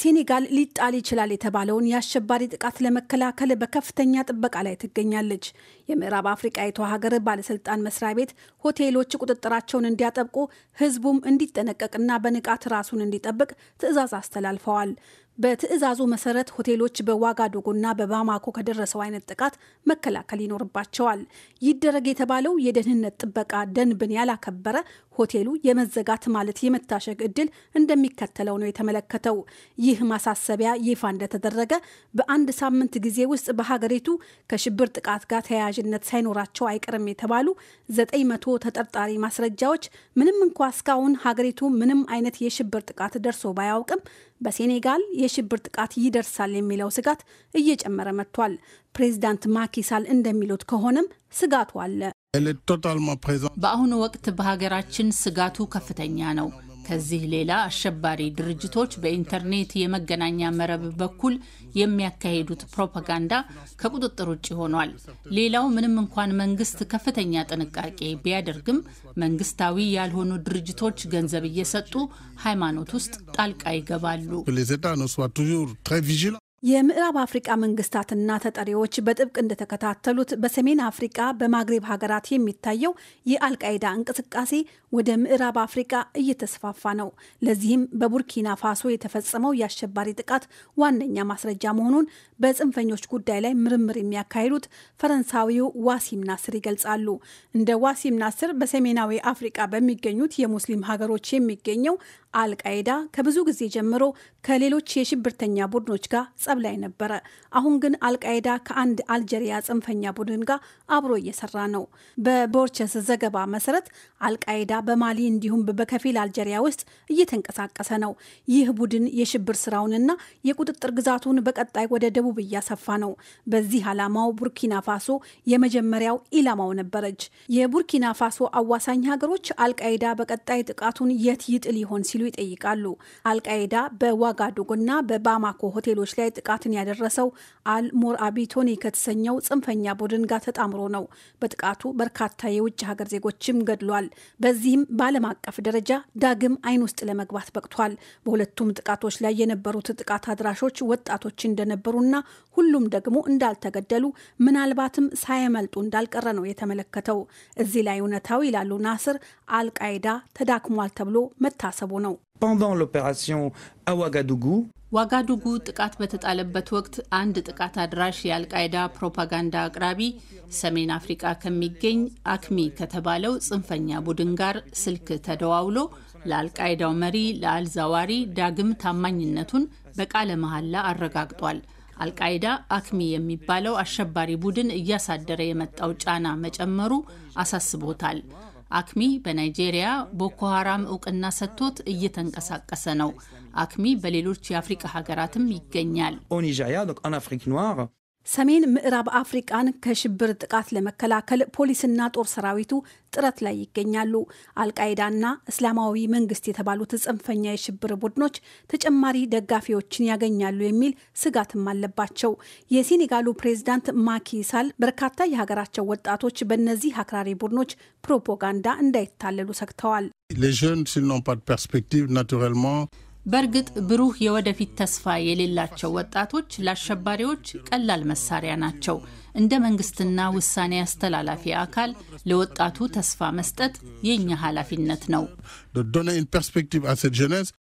ሴኔጋል ሊጣል ይችላል የተባለውን የአሸባሪ ጥቃት ለመከላከል በከፍተኛ ጥበቃ ላይ ትገኛለች። የምዕራብ አፍሪቃዊቷ ሀገር ባለስልጣን መስሪያ ቤት ሆቴሎች ቁጥጥራቸውን እንዲያጠብቁ፣ ህዝቡም እንዲጠነቀቅና በንቃት ራሱን እንዲጠብቅ ትዕዛዝ አስተላልፈዋል። በትዕዛዙ መሰረት ሆቴሎች በዋጋዶጎና በባማኮ ከደረሰው አይነት ጥቃት መከላከል ይኖርባቸዋል። ይደረግ የተባለው የደህንነት ጥበቃ ደንብን ያላከበረ ሆቴሉ የመዘጋት ማለት የመታሸግ እድል እንደሚከተለው ነው የተመለከተው። ይህ ማሳሰቢያ ይፋ እንደተደረገ በአንድ ሳምንት ጊዜ ውስጥ በሀገሪቱ ከሽብር ጥቃት ጋር ተያያዥነት ሳይኖራቸው አይቀርም የተባሉ ዘጠኝ መቶ ተጠርጣሪ ማስረጃዎች ምንም እንኳ እስካሁን ሀገሪቱ ምንም አይነት የሽብር ጥቃት ደርሶ ባያውቅም በሴኔጋል የሽብር ጥቃት ይደርሳል የሚለው ስጋት እየጨመረ መጥቷል። ፕሬዚዳንት ማኪሳል እንደሚሉት ከሆነም ስጋቱ አለ። በአሁኑ ወቅት በሀገራችን ስጋቱ ከፍተኛ ነው። ከዚህ ሌላ አሸባሪ ድርጅቶች በኢንተርኔት የመገናኛ መረብ በኩል የሚያካሂዱት ፕሮፓጋንዳ ከቁጥጥር ውጭ ሆኗል። ሌላው ምንም እንኳን መንግስት ከፍተኛ ጥንቃቄ ቢያደርግም መንግስታዊ ያልሆኑ ድርጅቶች ገንዘብ እየሰጡ ሃይማኖት ውስጥ ጣልቃ ይገባሉ። የምዕራብ አፍሪቃ መንግስታትና ተጠሪዎች በጥብቅ እንደተከታተሉት በሰሜን አፍሪቃ በማግሪብ ሀገራት የሚታየው የአልቃይዳ እንቅስቃሴ ወደ ምዕራብ አፍሪቃ እየተስፋፋ ነው። ለዚህም በቡርኪና ፋሶ የተፈጸመው የአሸባሪ ጥቃት ዋነኛ ማስረጃ መሆኑን በጽንፈኞች ጉዳይ ላይ ምርምር የሚያካሂዱት ፈረንሳዊው ዋሲም ናስር ይገልጻሉ። እንደ ዋሲም ናስር በሰሜናዊ አፍሪቃ በሚገኙት የሙስሊም ሀገሮች የሚገኘው አልቃይዳ ከብዙ ጊዜ ጀምሮ ከሌሎች የሽብርተኛ ቡድኖች ጋር ጸብ ላይ ነበረ። አሁን ግን አልቃይዳ ከአንድ አልጀሪያ ጽንፈኛ ቡድን ጋር አብሮ እየሰራ ነው። በቦርቸስ ዘገባ መሰረት አልቃይዳ በማሊ እንዲሁም በከፊል አልጀሪያ ውስጥ እየተንቀሳቀሰ ነው። ይህ ቡድን የሽብር ስራውንና የቁጥጥር ግዛቱን በቀጣይ ወደ ደቡብ እያሰፋ ነው። በዚህ ዓላማው ቡርኪና ፋሶ የመጀመሪያው ኢላማው ነበረች። የቡርኪና ፋሶ አዋሳኝ ሀገሮች አልቃይዳ በቀጣይ ጥቃቱን የት ይጥል ይሆን ሲሉ ይጠይቃሉ። አልቃይዳ በዋጋዶጎና በባማኮ ሆቴሎች ላይ ጥቃትን ያደረሰው አል ሞርአቢቶኒ ከተሰኘው ጽንፈኛ ቡድን ጋር ተጣምሮ ነው። በጥቃቱ በርካታ የውጭ ሀገር ዜጎችም ገድሏል። በዚህም በዓለም አቀፍ ደረጃ ዳግም አይን ውስጥ ለመግባት በቅቷል። በሁለቱም ጥቃቶች ላይ የነበሩት ጥቃት አድራሾች ወጣቶች እንደነበሩና ሁሉም ደግሞ እንዳልተገደሉ ምናልባትም ሳያመልጡ እንዳልቀረ ነው የተመለከተው። እዚህ ላይ እውነታው ይላሉ ናስር፣ አልቃይዳ ተዳክሟል ተብሎ መታሰቡ ነው። pendant l'opération à Ouagadougou. ዋጋዱጉ ጥቃት በተጣለበት ወቅት አንድ ጥቃት አድራሽ የአልቃይዳ ፕሮፓጋንዳ አቅራቢ ሰሜን አፍሪቃ ከሚገኝ አክሚ ከተባለው ጽንፈኛ ቡድን ጋር ስልክ ተደዋውሎ ለአልቃይዳው መሪ ለአልዛዋሪ ዳግም ታማኝነቱን በቃለ መሐላ አረጋግጧል። አልቃይዳ አክሚ የሚባለው አሸባሪ ቡድን እያሳደረ የመጣው ጫና መጨመሩ አሳስቦታል። አክሚ በናይጄሪያ ቦኮ ሀራም እውቅና ሰጥቶት እየተንቀሳቀሰ ነው። አክሚ በሌሎች የአፍሪቃ ሀገራትም ይገኛል። ሰሜን ምዕራብ አፍሪቃን ከሽብር ጥቃት ለመከላከል ፖሊስና ጦር ሰራዊቱ ጥረት ላይ ይገኛሉ። አልቃይዳና እስላማዊ መንግስት የተባሉት ጽንፈኛ የሽብር ቡድኖች ተጨማሪ ደጋፊዎችን ያገኛሉ የሚል ስጋትም አለባቸው። የሴኔጋሉ ፕሬዝዳንት ማኪሳል በርካታ የሀገራቸው ወጣቶች በእነዚህ አክራሪ ቡድኖች ፕሮፓጋንዳ እንዳይታለሉ ሰግተዋል። በእርግጥ ብሩህ የወደፊት ተስፋ የሌላቸው ወጣቶች ለአሸባሪዎች ቀላል መሳሪያ ናቸው። እንደ መንግስትና ውሳኔ አስተላላፊ አካል ለወጣቱ ተስፋ መስጠት የእኛ ኃላፊነት ነው።